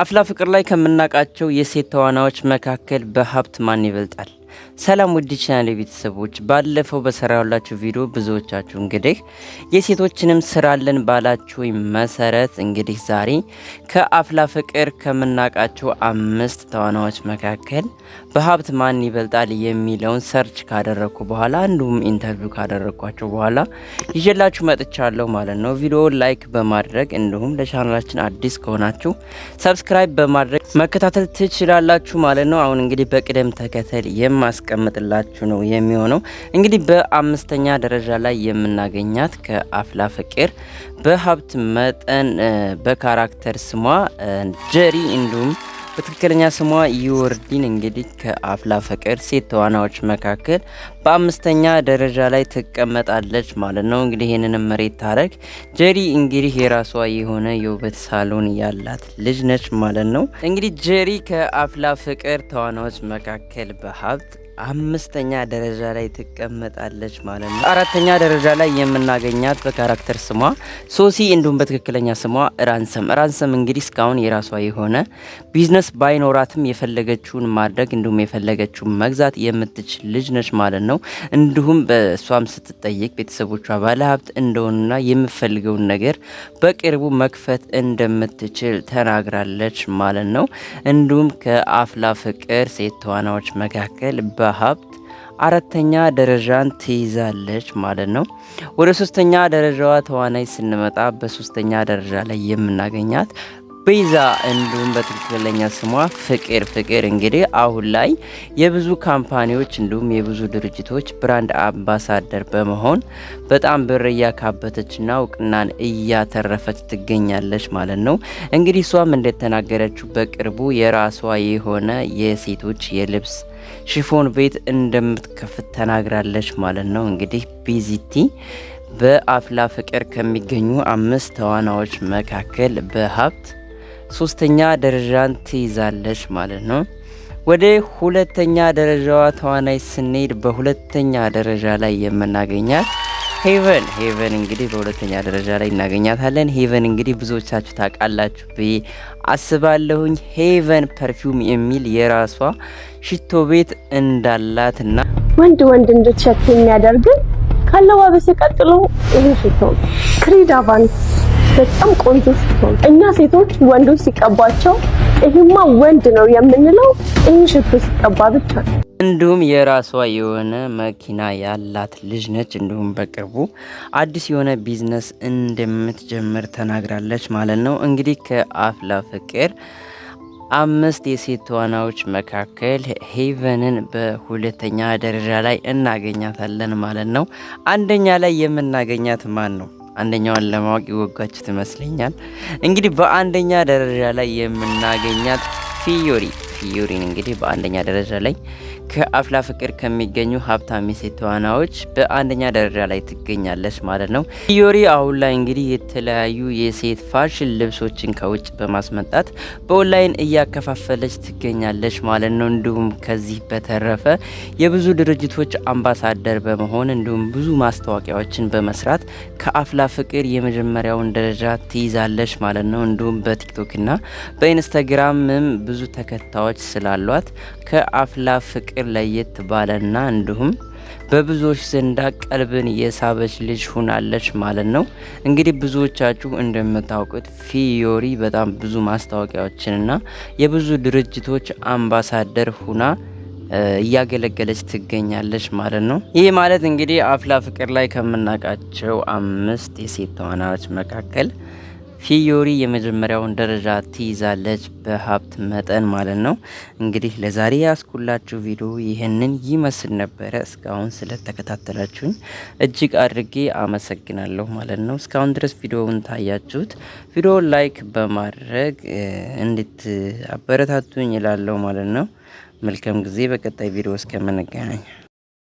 አፍላ ፍቅር ላይ ከምናውቃቸው የሴት ተዋናዎች መካከል በሀብት ማን ይበልጣል? ሰላም ውድ ቻናል ቤተሰቦች፣ ባለፈው በሰራሁላችሁ ቪዲዮ ብዙዎቻችሁ እንግዲህ የሴቶችንም ስራለን ባላችሁ መሰረት እንግዲህ ዛሬ ከአፍላ ፍቅር ከምናውቃቸው አምስት ተዋናዎች መካከል በሀብት ማን ይበልጣል የሚለውን ሰርች ካደረግኩ በኋላ እንዲሁም ኢንተርቪው ካደረግኳቸው በኋላ ይዤላችሁ መጥቻለሁ ማለት ነው። ቪዲዮ ላይክ በማድረግ እንዲሁም ለቻናላችን አዲስ ከሆናችሁ ሰብስክራይብ በማድረግ መከታተል ትችላላችሁ ማለት ነው። አሁን እንግዲህ በቅደም ተከተል የማ ማስቀምጥላችሁ ነው የሚሆነው። እንግዲህ በአምስተኛ ደረጃ ላይ የምናገኛት ከአፍላ ፍቅር፣ በሀብት መጠን፣ በካራክተር ስሟ ጀሪ እንዲሁም በትክክለኛ ስሟ ይወርዲን እንግዲህ ከአፍላ ፍቅር ሴት ተዋናዎች መካከል በአምስተኛ ደረጃ ላይ ትቀመጣለች ማለት ነው። እንግዲህ ይህንንም መሬት ታረግ ጀሪ እንግዲህ የራሷ የሆነ የውበት ሳሎን ያላት ልጅ ነች ማለት ነው። እንግዲህ ጀሪ ከአፍላ ፍቅር ተዋናዎች መካከል በሀብት አምስተኛ ደረጃ ላይ ትቀመጣለች ማለት ነው። አራተኛ ደረጃ ላይ የምናገኛት በካራክተር ስሟ ሶሲ እንዲሁም በትክክለኛ ስሟ ራንሰም። ራንሰም እንግዲህ እስካሁን የራሷ የሆነ ቢዝነስ ባይኖራትም የፈለገችውን ማድረግ እንዲሁም የፈለገችውን መግዛት የምትችል ልጅ ነች ማለት ነው። እንዲሁም በእሷም ስትጠየቅ ቤተሰቦቿ ባለሀብት እንደሆኑና የምፈልገውን ነገር በቅርቡ መክፈት እንደምትችል ተናግራለች ማለት ነው። እንዲሁም ከአፍላ ፍቅር ሴት ተዋናዎች መካከል ሀብት አራተኛ ደረጃን ትይዛለች ማለት ነው። ወደ ሶስተኛ ደረጃዋ ተዋናይ ስንመጣ በሶስተኛ ደረጃ ላይ የምናገኛት ቤዛ እንዲሁም በትክክለኛ ስሟ ፍቅር። ፍቅር እንግዲህ አሁን ላይ የብዙ ካምፓኒዎች እንዲሁም የብዙ ድርጅቶች ብራንድ አምባሳደር በመሆን በጣም ብር እያካበተችና እውቅናን እያተረፈች ትገኛለች ማለት ነው። እንግዲህ እሷም እንደተናገረችው በቅርቡ የራሷ የሆነ የሴቶች የልብስ ሽፎን ቤት እንደምትከፍት ተናግራለች ማለት ነው። እንግዲህ ቢዚቲ በአፍላ ፍቅር ከሚገኙ አምስት ተዋናዎች መካከል በሀብት ሶስተኛ ደረጃን ትይዛለች ማለት ነው። ወደ ሁለተኛ ደረጃዋ ተዋናይ ስንሄድ በሁለተኛ ደረጃ ላይ የምናገኛት ሄቨን ሄቨን እንግዲህ በሁለተኛ ደረጃ ላይ እናገኛታለን። ሄቨን እንግዲህ ብዙዎቻችሁ ታውቃላችሁ ብዬ አስባለሁኝ። ሄቨን ፐርፊውም የሚል የራሷ ሽቶ ቤት እንዳላትና ወንድ ወንድ እንድትሸት የሚያደርግን ካለባበሴ ቀጥሎ ይህ ሽቶ ክሪድ አቫንስ በጣም ቆንጆ ሽቶ እኛ ሴቶች ወንዶች ሲቀባቸው ይሄማ ወንድ ነው የምንለው ይህ ሽቶ ሲቀባ ብቻ ነው። እንዲሁም የራሷ የሆነ መኪና ያላት ልጅ ነች። እንዲሁም በቅርቡ አዲስ የሆነ ቢዝነስ እንደምትጀምር ተናግራለች ማለት ነው። እንግዲህ ከአፍላ ፍቅር አምስት የሴት ተዋናዮች መካከል ሄቨንን በሁለተኛ ደረጃ ላይ እናገኛታለን ማለት ነው። አንደኛ ላይ የምናገኛት ማን ነው? አንደኛዋን ለማወቅ የጓጓችሁ ትመስለኛል። እንግዲህ በአንደኛ ደረጃ ላይ የምናገኛት ፊዮሪ ፊዩሪን እንግዲህ በአንደኛ ደረጃ ላይ ከአፍላ ፍቅር ከሚገኙ ሀብታም ሴት ተዋናዎች በአንደኛ ደረጃ ላይ ትገኛለች ማለት ነው። ፊዩሪ አሁን ላይ እንግዲህ የተለያዩ የሴት ፋሽን ልብሶችን ከውጭ በማስመጣት በኦንላይን እያከፋፈለች ትገኛለች ማለት ነው። እንዲሁም ከዚህ በተረፈ የብዙ ድርጅቶች አምባሳደር በመሆን እንዲሁም ብዙ ማስታወቂያዎችን በመስራት ከአፍላ ፍቅር የመጀመሪያውን ደረጃ ትይዛለች ማለት ነው። እንዲሁም በቲክቶክና በኢንስታግራምም ብዙ ተከታዮች ጫናዎች ስላሏት ከአፍላ ፍቅር ለየት ባለና እንዲሁም በብዙዎች ዘንዳ ቀልብን የሳበች ልጅ ሁናለች ማለት ነው። እንግዲህ ብዙዎቻችሁ እንደምታውቁት ፊዮሪ በጣም ብዙ ማስታወቂያዎችንና የብዙ ድርጅቶች አምባሳደር ሁና እያገለገለች ትገኛለች ማለት ነው። ይህ ማለት እንግዲህ አፍላ ፍቅር ላይ ከምናውቃቸው አምስት የሴት ተዋናዮች መካከል ፊዮሪ የመጀመሪያውን ደረጃ ትይዛለች በሀብት መጠን ማለት ነው። እንግዲህ ለዛሬ ያስኩላችሁ ቪዲዮ ይህንን ይመስል ነበረ። እስካሁን ስለተከታተላችሁኝ እጅግ አድርጌ አመሰግናለሁ ማለት ነው። እስካሁን ድረስ ቪዲዮውን ታያችሁት፣ ቪዲዮ ላይክ በማድረግ አበረታቱኝ ይላለሁ ማለት ነው። መልካም ጊዜ። በቀጣይ ቪዲዮ እስከምንገናኝ